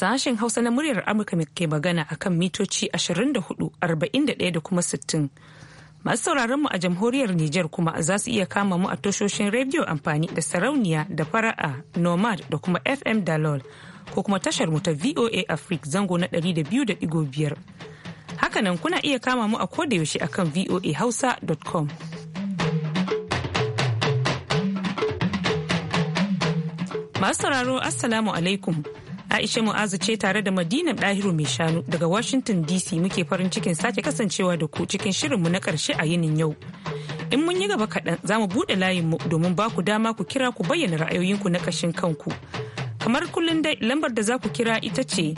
Sashen Hausa na muryar Amurka ke magana akan mitoci 24, 41 da kuma 60. Masu sauraron mu a jamhuriyar Nijar kuma za su iya kama mu a tashoshin rediyo amfani da sarauniya da fara'a, nomad da kuma FM Dalol ko kuma tashar mu ta VOA Africa zango na 200.5. Hakanan kuna iya kama mu a kodayaushe akan voahausa.com. Masu sauraro Assalamu alaikum. Aisha Mu'azu ce tare da Madina Dahiru mai shanu daga Washington DC muke farin cikin sake kasancewa da ku cikin shirinmu na ƙarshe a yinin yau. In mun yi gaba kaɗan za mu buɗe layinmu domin ba ku dama ku kira ku bayyana ra'ayoyinku na ƙashin kanku. Kamar kullum dai lambar da za ku kira ita ce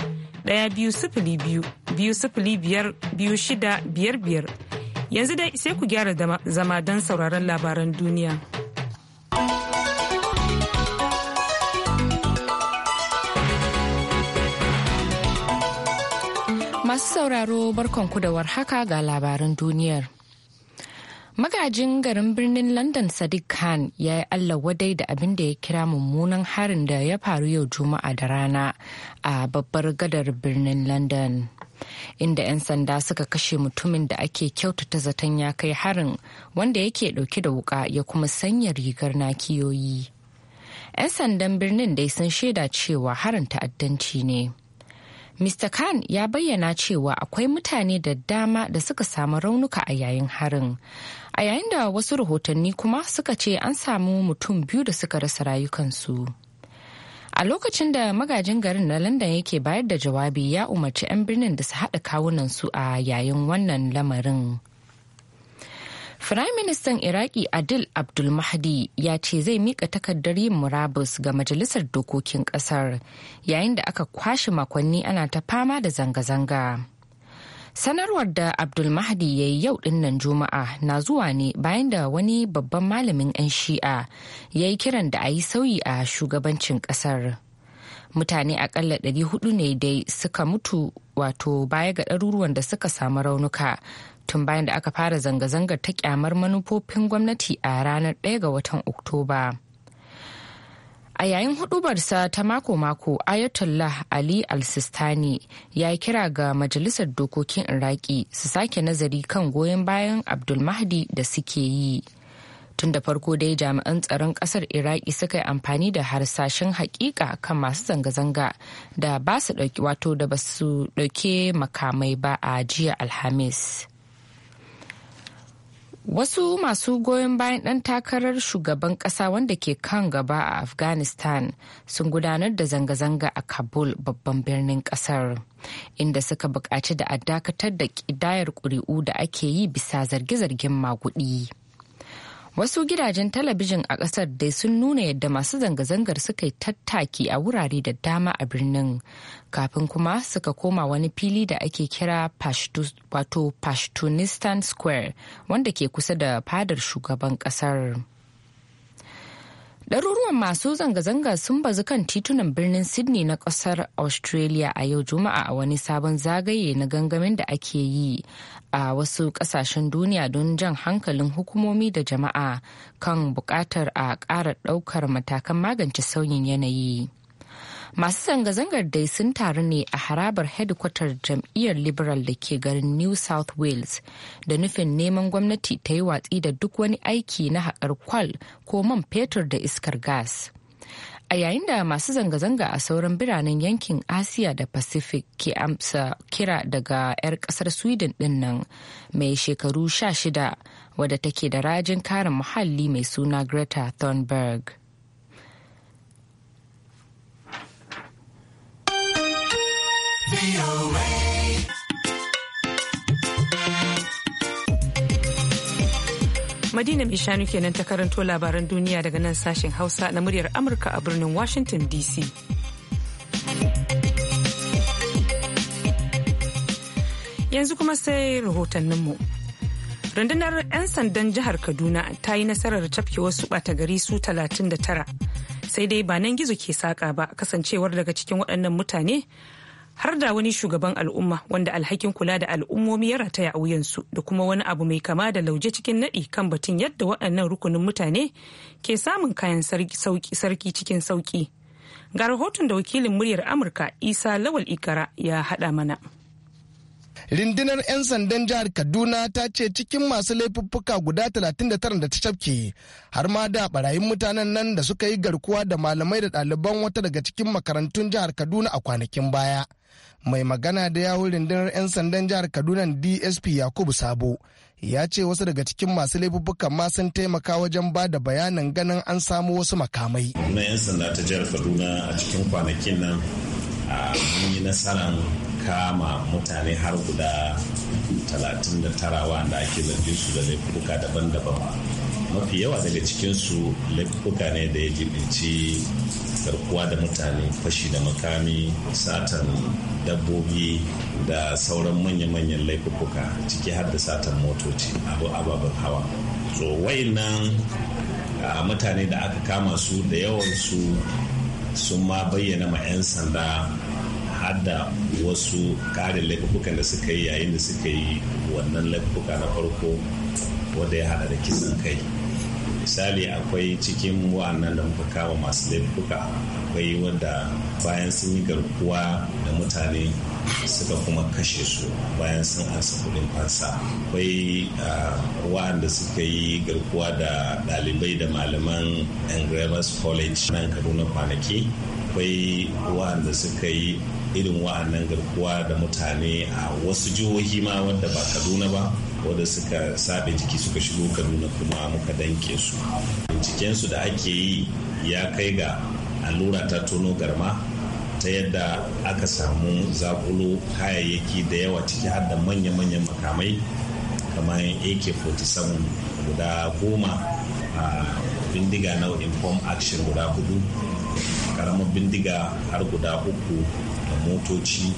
ɗaya biyu sifili biyu biyu sifili biyar biyu shida biyar biyar. Yanzu dai sai ku gyara zama don sauraron labaran duniya. Masu sauraro barkon kudawar haka ga labaran duniyar. Magajin garin birnin London Sadiq Khan ya yi Allah wadai da abin da ya kira mummunan harin da ya faru yau Juma'a da rana a babbar gadar birnin London. Inda 'yan sanda suka kashe mutumin da ake kyautata zaton ya kai harin wanda yake dauke da wuka ya kuma sanya rigar nakiyoyi. 'Yan sandan birnin dai sun shaida cewa harin ta'addanci ne. Mr. Khan ya bayyana cewa akwai mutane da dama da suka samu raunuka a yayin harin. A yayin da wasu rahotanni kuma suka ce an samu mutum biyu da suka rasa rayukansu. A lokacin da magajin garin na London yake bayar da jawabi ya umarci 'yan birnin da su haɗa kawunansu a yayin wannan lamarin. Firaministan Iraki Adil Abdul Mahdi ya ce zai mika takardar yin murabus ga Majalisar Dokokin Ƙasar yayin da aka kwashe makonni ana ta fama da zanga-zanga. Sanarwar da Abdul Mahdi ya yi yau dinnan Juma'a na zuwa ne bayan da wani babban malamin 'yan shi'a ya yi kiran da a yi sauyi a shugabancin ƙasar. Mutane akalla 400 ne dai suka mutu wato baya ga ɗaruruwan da suka samu raunuka tun bayan da aka fara zanga-zangar ta kyamar manufofin gwamnati a ranar 1 ga watan oktoba a yayin hudubarsa ta mako-mako ayatollah ali al-sistani ya yi kira ga majalisar dokokin iraki su sake nazari kan goyon bayan abdulmahdi da suke yi tun da farko dai jami'an tsaron kasar iraki suka yi amfani da harsashen hakika kan masu zanga-zanga da ba su da ba su dauke makamai ba a jiya alhamis Wasu masu goyon bayan ɗan takarar shugaban ƙasa wanda ke kan gaba a Afghanistan sun gudanar da zanga-zanga a Kabul babban birnin ƙasar, inda suka buƙaci da a dakatar da ƙidayar ƙuri'u da ake yi bisa zarge-zargen maguɗi. wasu gidajen talabijin a ƙasar dai sun nuna yadda masu zanga-zangar suka yi tattaki a wurare da dama a birnin kafin kuma suka koma wani fili da ake kira pashtunistan square wanda ke kusa da fadar shugaban ƙasar. Ɗaruruwan masu zanga-zanga sun bazu kan titunan birnin Sydney na ƙasar Australia a yau Juma'a a wani sabon zagaye na gangamin da ake yi a wasu ƙasashen duniya don jan hankalin hukumomi da jama'a kan buƙatar a ƙara ɗaukar matakan magance sauyin yanayi. masu zanga-zangar dai sun taru ne a harabar hedikwatar jam'iyyar liberal da ke garin new south wales da nufin neman gwamnati ta yi watsi da duk wani aiki na haƙar kwal ko man fetur da iskar gas a yayin da masu zanga-zanga a sauran biranen yankin asiya da pacific ke amsa kira daga 'yar kasar sweden din nan mai shekaru 16 wadda take da rajin kare muhalli mai suna greta thunberg Madina mai shanu kenan ta karanto labaran duniya daga nan sashen Hausa na muryar Amurka a birnin Washington DC. Yanzu kuma sai rahotanninmu. Rundunar 'yan sandan jihar Kaduna ta yi nasarar cafke wasu bata gari su 39. Sai dai ba nan gizo ke saƙa ba kasancewar daga cikin waɗannan mutane har da wani shugaban al'umma wanda alhakin kula da al'ummomi ya rataya a wuyansu da kuma wani abu mai kama da lauje cikin naɗi kan batun yadda waɗannan rukunin mutane ke samun kayan sarki cikin sauki ga rahoton da wakilin muryar amurka isa lawal ikara ya haɗa mana Rindinar 'yan sandan jihar Kaduna ta ce cikin masu laifuffuka guda 39 da ta cafke har ma da barayin mutanen nan da suka yi garkuwa da malamai da ɗaliban wata daga cikin makarantun jihar Kaduna a kwanakin baya. mai magana da yawon rundunar 'yan sandan jihar kaduna dsp yakubu sabo ya ce wasu daga cikin masu laifukan ma sun taimaka wajen ba da bayanin ganin an samu wasu makamai na 'yan sanda ta jihar kaduna a cikin kwanakin nan mun yi nasarar kama mutane har guda 39 wanda ake zargin su da laifuka daban-daban mafi yawa daga cikin su laifuka ne da ya jibinci garkuwa da mutane fashi da makami satan dabbobi da sauran manya-manyan laifuka ciki har da satan motoci abu ababen hawa so wayannan mutane da aka kama su da yawansu sun ma bayyana ma 'yan sanda har da wasu karin laifukan da suka yi yayin da suka yi wannan laifuka na farko wanda ya hada da kisan kai misali akwai cikin wa'annan da muka kama masu laifuka akwai wanda bayan sun yi garkuwa da mutane suka kuma kashe su bayan sun ansa kudin fansa akwai wa'anda suka yi garkuwa da ɗalibai da malaman engravers college nan kaduna kwanaki akwai wa'anda suka yi irin wa'annan garkuwa da mutane a wasu jihohi ma wadda ba kaduna ba wanda suka sabe jiki suka shigo kaduna kuma muka danke su binciken su da ake yi ya kai ga allura ta tono garma ta yadda aka samu zakulo kayayyaki da yawa ciki har da manya-manyan makamai kamar ak-47 guda goma a bindiga nau'in form action guda hudu karamar bindiga har guda uku da motoci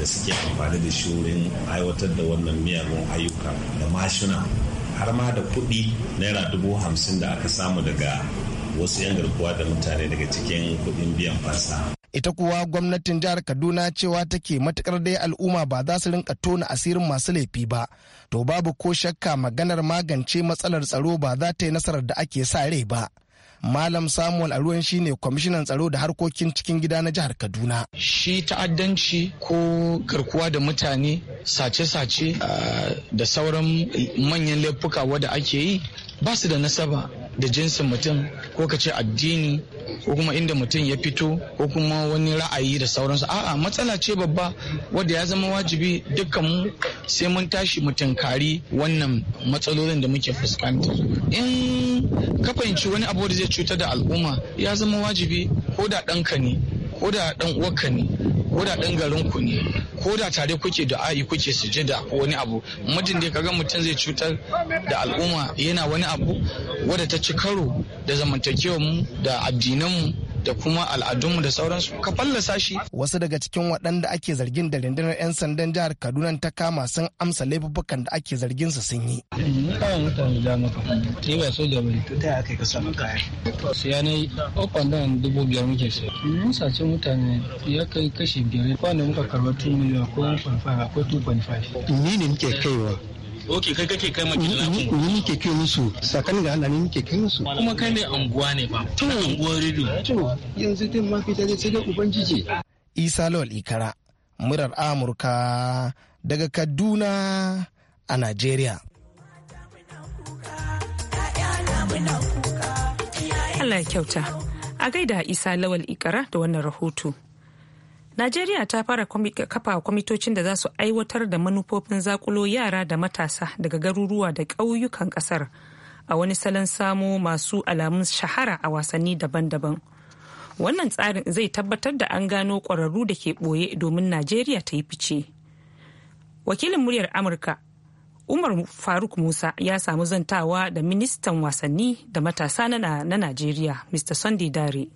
da suke amfani da shi wurin aiwatar da wannan miyagun ayyuka da mashina har ma da kuɗi naira dubu hamsin da aka samu daga wasu 'yan garkuwa da mutane daga cikin kuɗin biyan fasa. ita kuwa gwamnatin jihar kaduna cewa take matukar dai al'umma ba za su rinka tona asirin masu laifi ba to babu ko shakka maganar magance matsalar tsaro ba za ta yi nasarar da ake sa rai ba Malam Samuel Aruwan shine kwamishinan tsaro da harkokin cikin gida na jihar Kaduna. Shi ta'addanci ko garkuwa da mutane sace-sace ah, da sauran manyan laifuka wada ake yi ba su da nasaba da jinsin mutum ko ka ce addini ko kuma inda mutum ya fito ko kuma wani ra'ayi da sauransu a'a matsala ce babba wadda ya zama wajibi dukkan mu sai mun tashi mu tinkari wannan matsalolin da muke fuskanta in ka fahimci wani abu da zai cutar da al'umma ya zama wajibi ko da ɗanka ne ko da ɗan uwarka ne ko da ɗan ku ne ko da tare kuke da ayi kuke sujada da wani abu mutum da kaga mutum zai cutar da al'umma yana wani abu wadda ta ci karo da zamantakewar mu da addinan mu da kuma al'adunmu da sauransu ka fallasa shi. Wasu daga cikin waɗanda ake zargin da rundunar 'yan sandan jihar Kaduna ta kama sun amsa laifukan da ake zargin su sun yi. Ni kawai mutane da maka ni ba soja ba ne. Ta aka ka samu kaya. Siya na yi ofan da dubu biyar muke siya. Mun sace mutane ya kai kashi biyar. Kwanan muka karɓar 2 miliyan ko 1.5 ko 2.5. Ni ne muke kaiwa. ok kai kake kai ma kidnapping ni nake kai musu sakan ga Allah ne nake kai musu kuma kai ne anguwa ne fa to anguwar rido to yanzu din ma fita da sai ubangiji Isa Lawal Ikara murar Amurka daga Kaduna a Najeriya Allah ya kyauta a gaida Isa Lawal Ikara da wannan rahoto Najeriya ta fara kafa kwamitocin da za su aiwatar da manufofin zakulo yara da matasa daga garuruwa da ƙauyukan ƙasar a wani salon samo masu alamun shahara a wasanni daban-daban. Wannan tsarin zai tabbatar da an gano ƙwararru da ke ɓoye domin Najeriya ta yi fice. Wakilin muryar Amurka Umar Faruk Musa ya samu zantawa da ministan wasanni da matasa na Najeriya, Mr. Sunday Dare.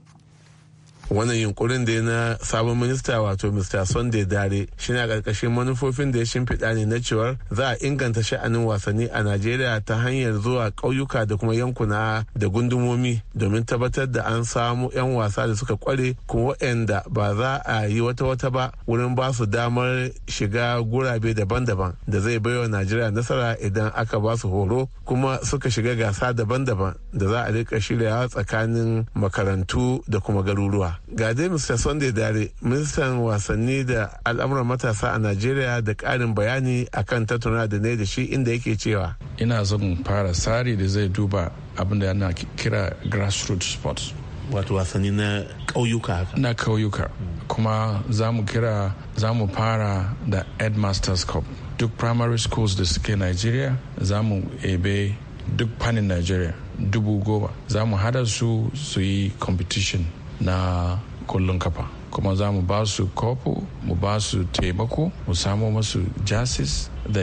wannan yunkurin da na sabon minista wato mr sunday dare shi na ƙarƙashin manufofin da ya shimfiɗa ne na cewar za a inganta sha'anin wasanni a najeriya ta hanyar zuwa ƙauyuka da kuma yankuna da gundumomi domin tabbatar da an samu 'yan wasa da suka kware kuma waɗanda ba za a yi wata wata ba wurin ba su damar shiga gurabe daban-daban da zai baiwa najeriya nasara idan aka ba su horo kuma suka shiga gasa daban-daban da za a rika shiryawa tsakanin makarantu da kuma garuruwa ga dai mr sunday dare ministan wasanni da al'amuran matasa a najeriya da karin bayani akan tattauna da ne da shi inda yake cewa ina zan fara tsari da zai duba abin da yana kira grassroots sports wato wasanni na kauyuka na ƙauyuka kuma za mu kira za mu fara da headmasters cup duk primary schools da suke nigeria za mu ebe duk fannin nigeria dubu goma za mu hada su su yi competition na kullun kafa kuma za mu ba su kofu mu ba su taimako mu samo masu jasis da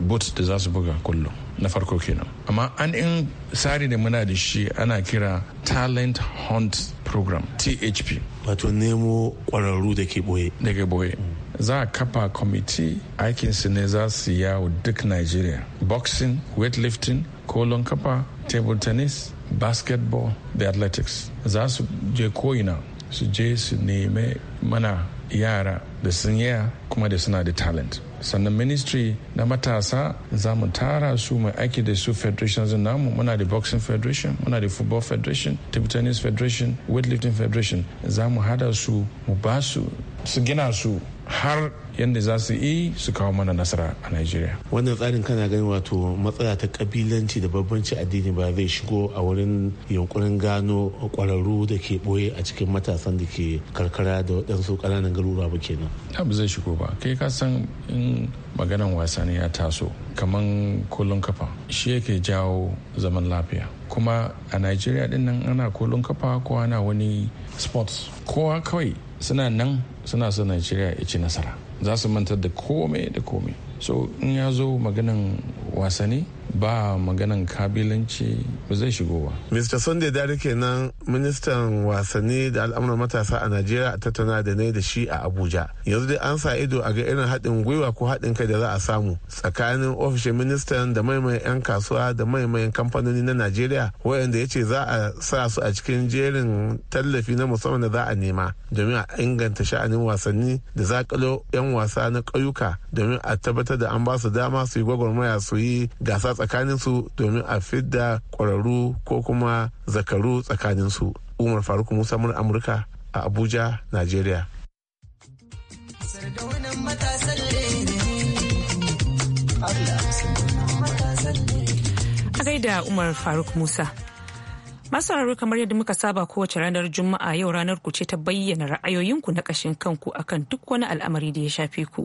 boots da za su buga kullum na farko kenan amma an in tsari da muna da shi ana kira talent hunt program thp wato nemo kwararru da ke boye ke boye za a kafa kwamiti aikin su ne za su yawo duk nigeria boxing weightlifting kolon kafa table tennis basketball da athletics za su je ko'ina su je su neme mana yara da sun yaya kuma da suna da talent sannan ministry na matasa za mu tara su mai aiki da su federations namu muna da boxing federation muna da football federation table tennis federation weightlifting federation za mu hada su mu ba su su gina su har yadda za su yi su kawo mana nasara a Najeriya. Wannan tsarin kana ganin wato matsala ta kabilanci da babbanci addini ba zai shigo a wurin yunkurin gano kwararru da ke boye a cikin matasan da ke karkara da waɗansu ƙananan garuruwa ba kenan. ba zai shigo ba kai ka san in maganan wasa ne ya taso kaman kullun kafa shi yake jawo zaman lafiya kuma a Najeriya ɗin nan ana kullun kafa ko ana wani sports kowa kawai suna nan suna son najeriya ya ci nasara za su mantar da komai da komai so in ya zo maganin wasanni ba maganan kabilanci ba zai shigo ba. Mr. Sunday Dare nan ministan wasanni da al'amuran matasa a Najeriya a tattauna da ne da shi a Abuja. Yanzu dai an sa ido a ga irin haɗin gwiwa ko haɗin kai da za a samu tsakanin ofishin ministan da maimayin 'yan kasuwa da maimayin kamfanoni na Najeriya wayanda ya ce za a sa su a cikin jerin tallafi na musamman da za a nema domin a inganta sha'anin wasanni da zakalo 'yan wasa na ƙauyuka domin a tabbatar da an ba su dama su yi gwagwarmaya su yi gasa su domin a fidda kwararru ko kuma zakaru tsakanin su umar faruk musa mur amurka a abuja nigeria a gaida umar faruk musa masu kamar yadda muka saba kowace ranar juma'a yau ranar ku ce ta bayyana ra'ayoyinku na ƙashin kanku akan duk wani al'amari da ya shafe ku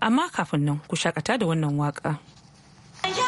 amma kafin nan ku shakata da wannan waka. Yeah.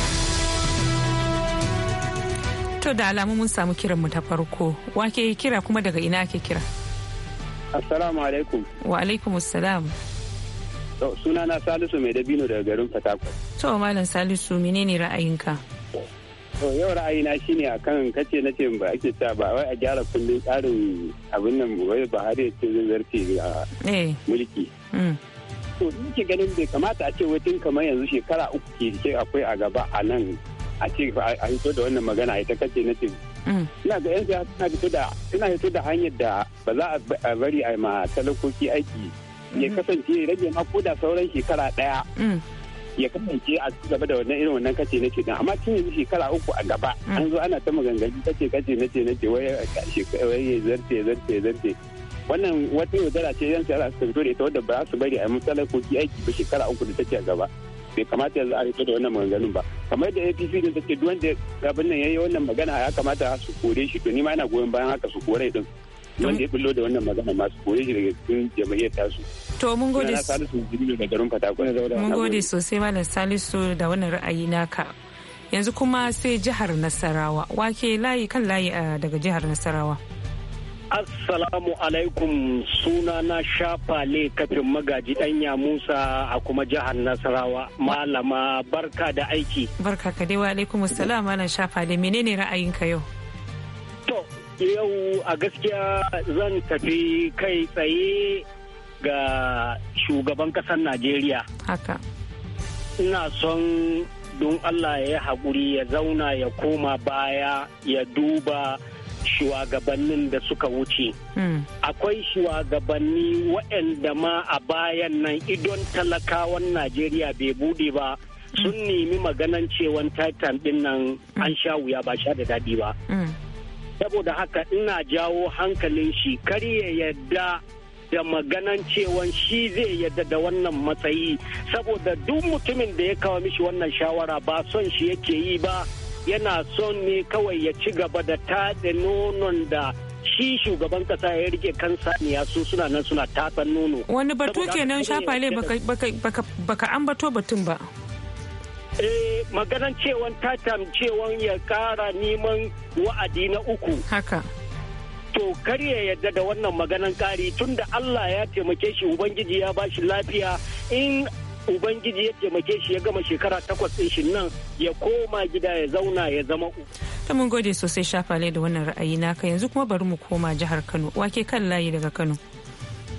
To da alamu mun samu kiran mu ta farko. Wake kira kuma daga ina ke kira? Assalamu alaikum. Wa alaikum assalam. To suna na Salisu mai dabino daga garin Fatakwal. To malam Salisu menene ra'ayinka? To yau ra'ayina shine akan kace na ce ba ake ta ba wai a gyara kullun tsarin abin nan wai ba har yace zai zarce a eh. mulki. Mm. To ni ke ganin bai kamata a ce wai tun kamar yanzu shekara uku ke akwai a gaba a nan a ce a hito da wannan magana ita kace na ce mm. ina ga yan siyasa suna hito da suna hito da hanyar da ba za a bari a ma talakoki aiki ya mm-hmm. kasance rage ma ko da sauran shekara daya mm. ya kasance a gaba da wannan irin wannan kace na ce amma tun yanzu shekara uku a gaba mm. an zo ana ta maganganu kace kace na ce na ce wai ya zarce zarce zarce wannan wata yaudara ce yan siyasa suka fito da ita wadda ba za su bari a yi talakoki aiki ba shekara uku da take a gaba bai kamata yanzu a hito da wannan maganganun ba kamar da apc din take duk wanda abin nan yayi wannan magana ya kamata su kore shi to ni ma ina goyon bayan haka su kore din wanda ya bullo da wannan magana ma su kore shi daga cikin ta su to mun gode salisu jibilu da garin fatakuna mun gode sosai malam salisu da wannan ra'ayi naka yanzu kuma sai jihar nasarawa wake layi kan layi eh, daga jihar nasarawa Assalamu alaikum suna na shafale kafin magaji danya Musa a kuma jihar Nasarawa malama barka da aiki. Barka ka dai wa alaikum assalam shafa shafale menene ra'ayinka yau? To yau a gaskiya zan tafi kai tsaye ga shugaban kasar Najeriya. Haka. Ina son don Allah ya haƙuri ya zauna ya koma baya ya duba shugabannin da suka wuce. Hmm. Akwai shugabanni waɗanda ma a bayan nan idon talakawan Najeriya bai bude ba hmm. sun nemi maganan cewan titan ɗin nan hmm. an sha wuya ba sha da daɗi ba. Saboda haka ina jawo hankalin shi karya ya yadda da maganan cewan shi zai yadda da wannan matsayi saboda duk mutumin da ya kawo mishi wannan shawara ba son shi yake yi ba. yana son ne kawai ya ci gaba da taɗe nonon da shi shugaban kasa ya rike kan saniya su suna nan suna tatsan nono. Wani batu kenan shafale baka ambato batun ba. Eh maganan cewan tatam cewan ya kara neman wa'adi na uku. Haka. To kar ya yarda da wannan maganan kari tunda Allah ya taimake shi Ubangiji ya bashi lafiya in ubangiji ya taimake shi ya gama shekara takwas ɗin shi nan ya koma gida ya zauna ya zama ta mun gode sosai shafale da wannan ra'ayi na naka yanzu kuma bari mu koma jihar kano wake kan layi daga kano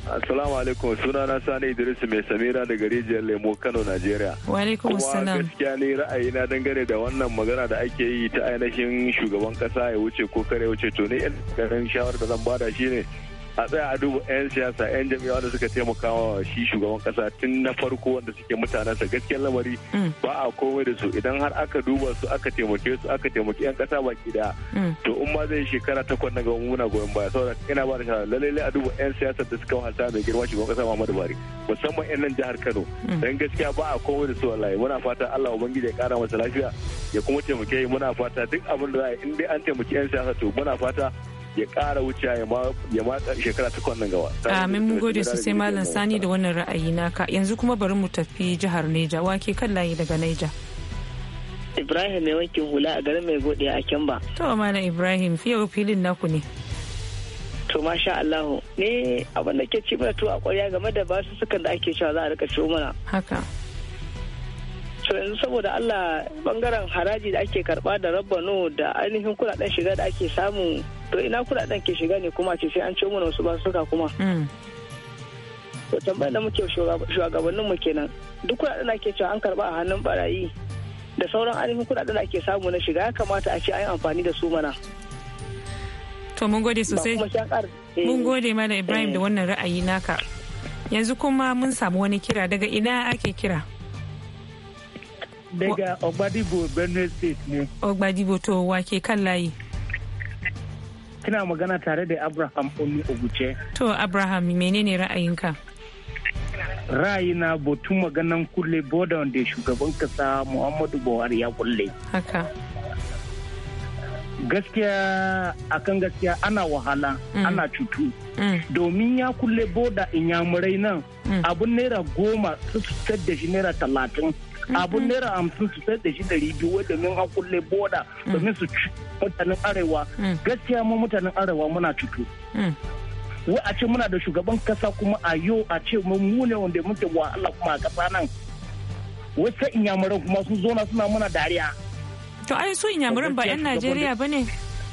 Assalamu alaikum sunana Sani Idris mai Samira daga rijiyar Lemo Kano Najeriya. Wa alaikum Kuma gaskiya ne ra'ayi na dangane da wannan magana da ake yi ta ainihin shugaban kasa ya wuce ko kare wuce to ne ƙarin shawar da zan bada shine a tsaya a duba 'yan siyasa 'yan jami'a wanda suka taimaka wa shi shugaban kasa tun na farko wanda suke mutanensa gaskiyar lamari mm. ba a komai da su idan har aka duba su aka taimake su aka taimaki 'yan kasa baki da mm. to in ma zai shekara takwas na ga muna goyon baya saboda ina ba da shawara lalle a duba 'yan siyasa da suka wasa mai girma shugaban kasa Muhammadu Buhari musamman 'yan nan jihar Kano mm. dan gaskiya ba a komai da su wallahi muna fata Allah ubangiji ya kara masa lafiya ya kuma taimake muna fata duk abin da za a yi in dai an taimaki 'yan siyasa to muna fata ya ƙara wuce ya ma shekara ta kwanan gaba. Amin mun gode sosai Malam Sani da wannan ra'ayi naka yanzu kuma bari mu tafi jihar Neja wake kan layi daga Neja. Ibrahim mai wankin hula a garin mai gode a Kemba. To mana Ibrahim fiye filin naku ne. To masha Allah ne abin da ke ci mana to a kwarya game da basu sukan da ake cewa za a rika ciwo mana. Haka. to yanzu saboda Allah bangaren haraji da ake karba da rabbano da ainihin kudaden shiga da ake samu to ina kudaden ke shiga ne kuma ce sai an ce mana wasu suka kuma mm. to tambayar da muke shugabannin mu kenan duk kudaden da ake cewa an karba a hannun barayi da sauran ainihin kudaden da ake samu na shiga ya kamata a ce an yi amfani da su mana to mun gode sosai eh. mun gode mana Ibrahim da eh. wannan ra'ayi naka yanzu kuma mun samu wani kira daga ina ake kira daga Ogbadibo Benue State ne. Ogbadibo to wake kan layi. Kina magana tare da Abraham onu Oguce. To Abraham menene ra'ayinka? Ra'ayina batun maganan kulle boda wanda shugaban kasa Muhammadu Buhari ya kulle. Haka. Gaskiya akan gaskiya ana wahala mm. ana cutu. Mm. Domin ya kulle boda inyamurai nan mm. abun naira goma su da shi naira talatin. abun naira hamsin su sayar da shi ɗari biyu wadda mun an kulle boda domin su ci mutanen arewa mm. gaskiya mu mutanen arewa muna cutu. Mm. wa a ce muna da shugaban kasa kuma a yau a ce mu ne wanda muke wa Allah kuma a kasa nan wai sai inyamuran kuma sun zo na suna muna dariya. to ai su inyamuran ba 'yan najeriya ba ne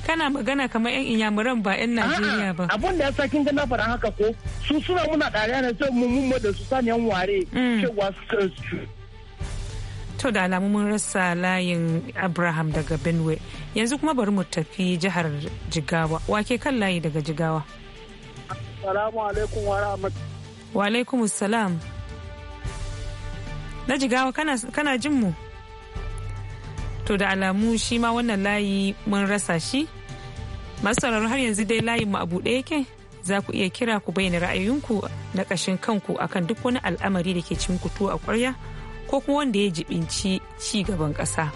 kana magana kamar 'yan inyamuran ba 'yan najeriya ba abun da ya sa kin gana faɗa haka ko su suna muna dariya ne sai mu mun da su an ware mm. cewa to da alamu mun rasa layin abraham daga benue yanzu kuma bari mu tafi jihar jigawa wake kan layi daga jigawa salamu alaikum wa wa alaikum salam na jigawa kana jin mu to da alamu shi ma wannan layi mun rasa shi masu sauraro har yanzu dai layin mu a buɗe yake za ku iya kira ku bayyana ra'ayoyinku na ƙashin kanku akan duk wani al'amari da ke cin kutu a ƙwarya ko kuma wanda ya jibinci ci gaban ƙasa.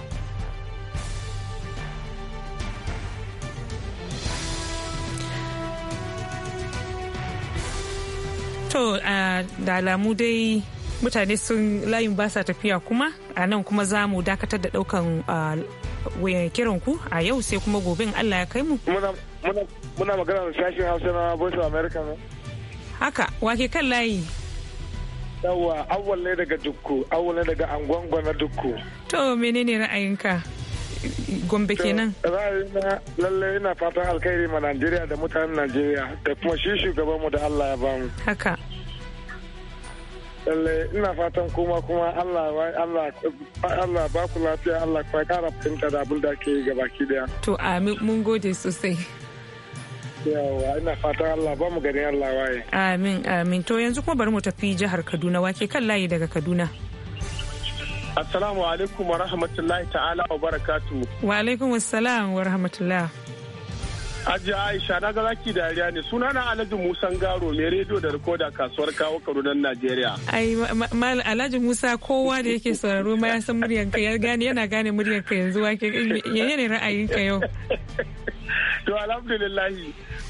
To da alamu dai mutane sun layin basa tafiya kuma a nan kuma za mu dakatar da daukan kiran ku a yau sai kuma gobe Allah ya kai mu. Muna magana da sashen Hausa na Voice of America ne? Haka, wake kan layi. yawa awwal ne daga dukku awwal ne daga angwangwa na dukku to menene ra'ayinka gombe kenan ra'ayina lalle ina fatan alkhairi ma najeriya da mutanen najeriya da kuma shi shugaban mu da allah ya bamu haka lalle ina fatan kuma kuma allah allah allah ba ku lafiya allah ka kara fahimta da abin da ke yi gabaki daya to amin mun gode sosai yawa ina fatan Allah ba mu gani Allah waye amin amin to yanzu kuma bari mu tafi jihar Kaduna wake kan layi daga Kaduna Assalamu alaikum wa rahmatullahi ta'ala wa barakatu. Wa alaikum assalam wa rahmatullah. Hajji Aisha na zaki dariya ne suna na Alhaji Musa Garo mai rediyo da rikoda kasuwar kawo Kaduna Najeriya. Ai mal Alhaji Musa kowa da yake sauraro ma ya san muryanka ya gane yana gane muryanka yanzu wake yayye ne ra'ayinka yau. To alhamdulillah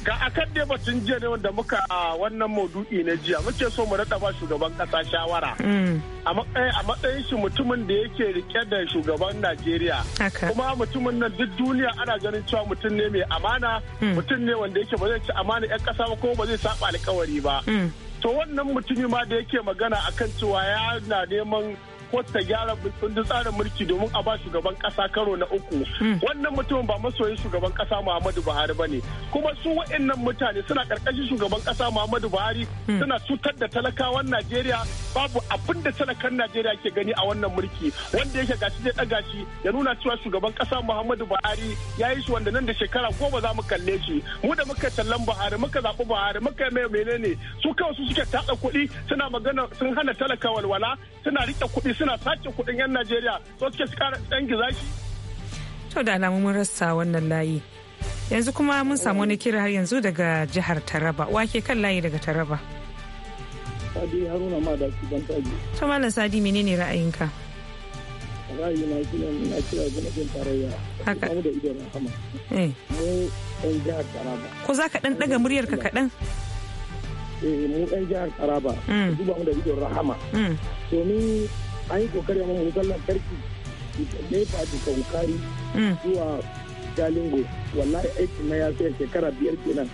ga akan dai batun jiya ne wanda muka a wannan maudu'i na jiya muke so mu daɗa ba shugaban kasa shawara. Mm. A matsayin shi mutumin da yake rike da shugaban Najeriya. Kuma mutumin nan duk duniya ana ganin cewa mutum ne mai amana, mm. mutum ne wanda yake ba zai ci amana 'yan ƙasa ba ko ba zai saba alkawari ba. Mm. To wannan mutumi ma da yake magana akan cewa ya na neman ko ta gyara kundin tsarin mulki domin a ba shugaban kasa karo na uku hmm. wannan mutumin ba masoyin shugaban kasa Muhammadu Buhari ba ne. kuma su wa'annan mutane suna karkashin shugaban kasa Muhammadu Buhari hmm. suna cutar da talakawan Najeriya babu abin da talakan Najeriya ke gani a wannan mulki wanda yake gashi zai daga shi ya nuna cewa shugaban kasa Muhammadu Buhari ya yi shi wanda nan da shekara goma za mu kalle shi mu da muka tallan Buhari muka zaɓi Buhari muka mai menene su kawai su suke tatsa kuɗi suna magana sun hana talaka walwala suna riƙe kuɗi suna sace kuɗin 'yan Najeriya so suke su kara dan gizaki. To da alamu mun rasa wannan layi. Yanzu kuma mun samu wani kira har yanzu daga jihar Taraba. Wake kan layi daga Taraba. Sadi Haruna ma da ki bantaji. To Malam Sadi menene ra'ayinka? Ra'ayina shi ne na kira nan tarayya. Haka. Mu da na rahama. Eh. Mu ɗan jihar Taraba. Ko za ka ɗan ɗaga muryar ka kaɗan? Eh mu ɗan jihar Taraba. Mm. Duba mu da ido rahama. Mm. Domin an yi kokari a mamu wutar lantarki nefa da saukari mm. zuwa jalingo wallahi aiki na ya sai shekara biyar kenan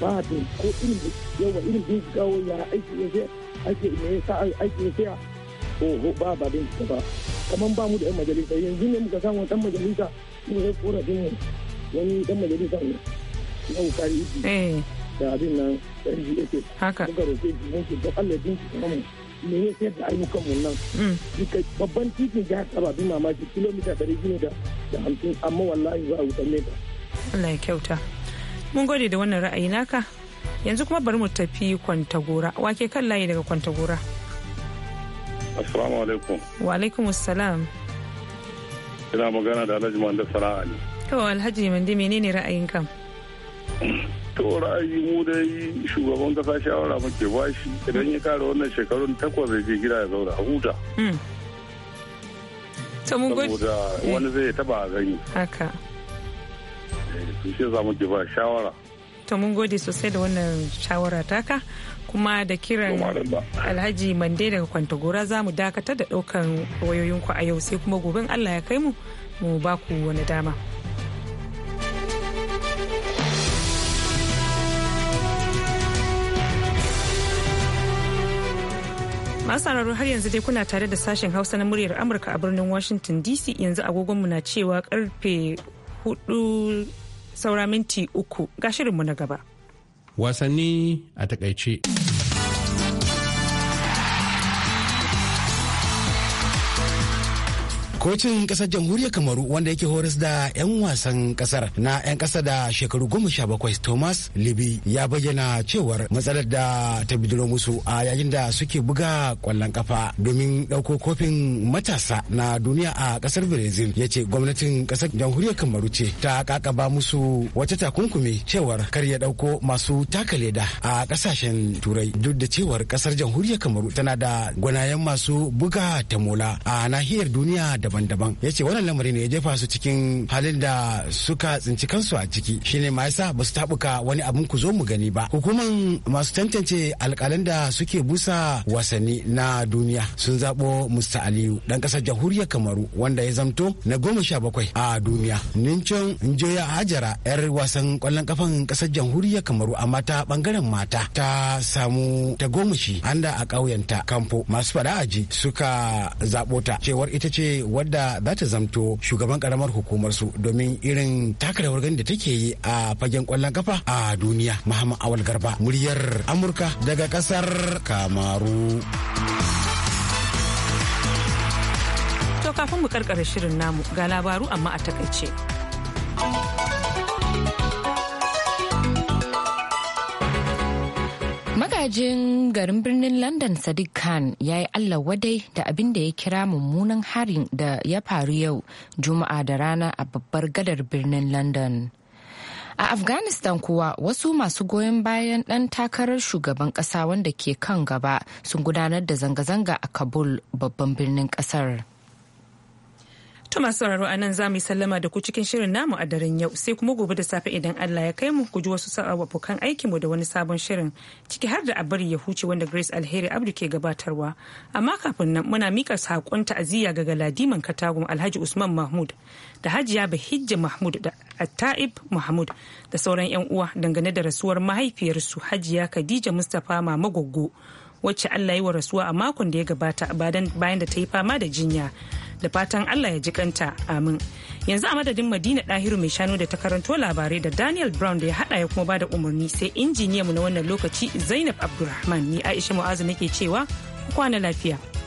ba a ko irin yawa irin bin gawo ya aiki ya sai aiki ne sa aiki ya sai oho ba ba din ba kaman ba mu da yan majalisa yanzu ne muka samu dan majalisa mu sai korafin mu wani dan majalisa ne na wukari eh. da abin nan da yake Haka. muka mun ki don Allah din kuma me ya sayar da ayyukan wannan hmm. duka babban titin jihar Kaba bi mamaki kilomita ɗari biyu da hamsin amma wallahi za a ne leda. Allah ya kyauta. Mun gode da wannan ra'ayi naka yanzu kuma bari mu tafi kwantagora wake kan layi daga kwantagora. Assalamu alaikum. Wa alaikum assalam. Ina magana da Alhaji Mande Sana'a ne. To Alhaji Mande menene ra'ayinka? to ra'ayi mu dai shugaban kasa shawara muke bashi idan ya kare wannan shekarun takwas zai je gida ya zauna a huta hmm. saboda wani zai taba a gani haka eh, to za muke ba shawara to mun gode sosai da wannan shawara taka kuma da kiran alhaji mande daga kwantagora za mu dakatar da daukan wayoyinku a yau sai kuma gobe allah ya kai mu mu ba ku wani dama. masu sauraro har yanzu dai kuna tare da sashen hausa na muryar amurka a birnin washington dc yanzu agogonmu na cewa karfe hudu saura minti uku ga shirinmu na gaba wasanni a takaice kocin kasar jamhuriyar kamaru wanda yake horas da 'yan wasan kasar na 'yan kasa da shekaru goma sha bakwai thomas libi ya bayyana cewar matsalar da ta bidiro musu a yayin da suke buga kwallon kafa domin ɗauko kofin matasa na duniya a kasar brazil ya ce gwamnatin kasar jamhuriyar kamaru ce ta kakaba musu wata takunkumi cewar kar ya ɗauko masu taka leda a kasashen turai duk da cewar kasar jamhuriyar kamaru tana da gwanayen masu buga ta mola a nahiyar duniya daban daban-daban ya ce wannan lamari ne ya jefa su cikin halin da suka tsinci kansu a ciki shine ma yasa ba su tabuka wani abin ku zo mu gani ba hukuman masu tantance alƙalan da suke busa wasanni na duniya sun zabo musta aliyu dan ƙasar jamhuriyar kamaru wanda ya zamto na goma sha bakwai a duniya nincin njoya hajara yar wasan kwallon kafan ƙasar jamhuriyar kamaru a mata bangaren mata ta samu ta gomushi anda a ƙauyenta kamfo masu fada aji suka zabo ta cewar ita ce wadda za ta zamto shugaban karamar hukumar su domin irin rawar gani da take yi a fagen kwallon kafa a duniya mahama awal garba muryar amurka daga kasar kamaru to kafin mu karkare shirin namu ga labaru amma a takaice magajin garin birnin London Sadiq Khan ya yi Allah wadai da abin da ya kira mummunan harin da ya faru yau Juma'a da rana a babbar gadar birnin London. A Afghanistan kuwa wasu masu goyon bayan ɗan takarar shugaban ƙasa wanda ke kan gaba sun gudanar da zanga-zanga a Kabul babban birnin ƙasar. To masu sauraro a nan za mu yi sallama da ku cikin shirin namu a daren yau sai kuma gobe da safe idan Allah ya kai mu ku ji wasu sa'a abokan aikinmu da wani sabon shirin ciki har da a bari ya huce wanda Grace Alheri Abdu ke gabatarwa. Amma kafin nan muna mika saƙon ta'aziyya ga Galadiman Katagum Alhaji Usman Mahmud da Hajiya Bahijja Mahmud da Ta'ib Mahmud da sauran 'yan uwa dangane da rasuwar mahaifiyarsu Hajiya Khadija Mustapha Mama Goggo. wacce Allah yi wa rasuwa a makon da ya gabata badan bayan da ta yi fama da jinya da fatan Allah ya ji kanta amin yanzu a madadin Madina Dahiru mai shanu da ta karanto labarai da Daniel Brown da ya hada ya kuma bada umarni sai injiniyan mu na wannan lokaci Zainab Abdulrahman ni Aisha Mu'azu nake cewa kwana lafiya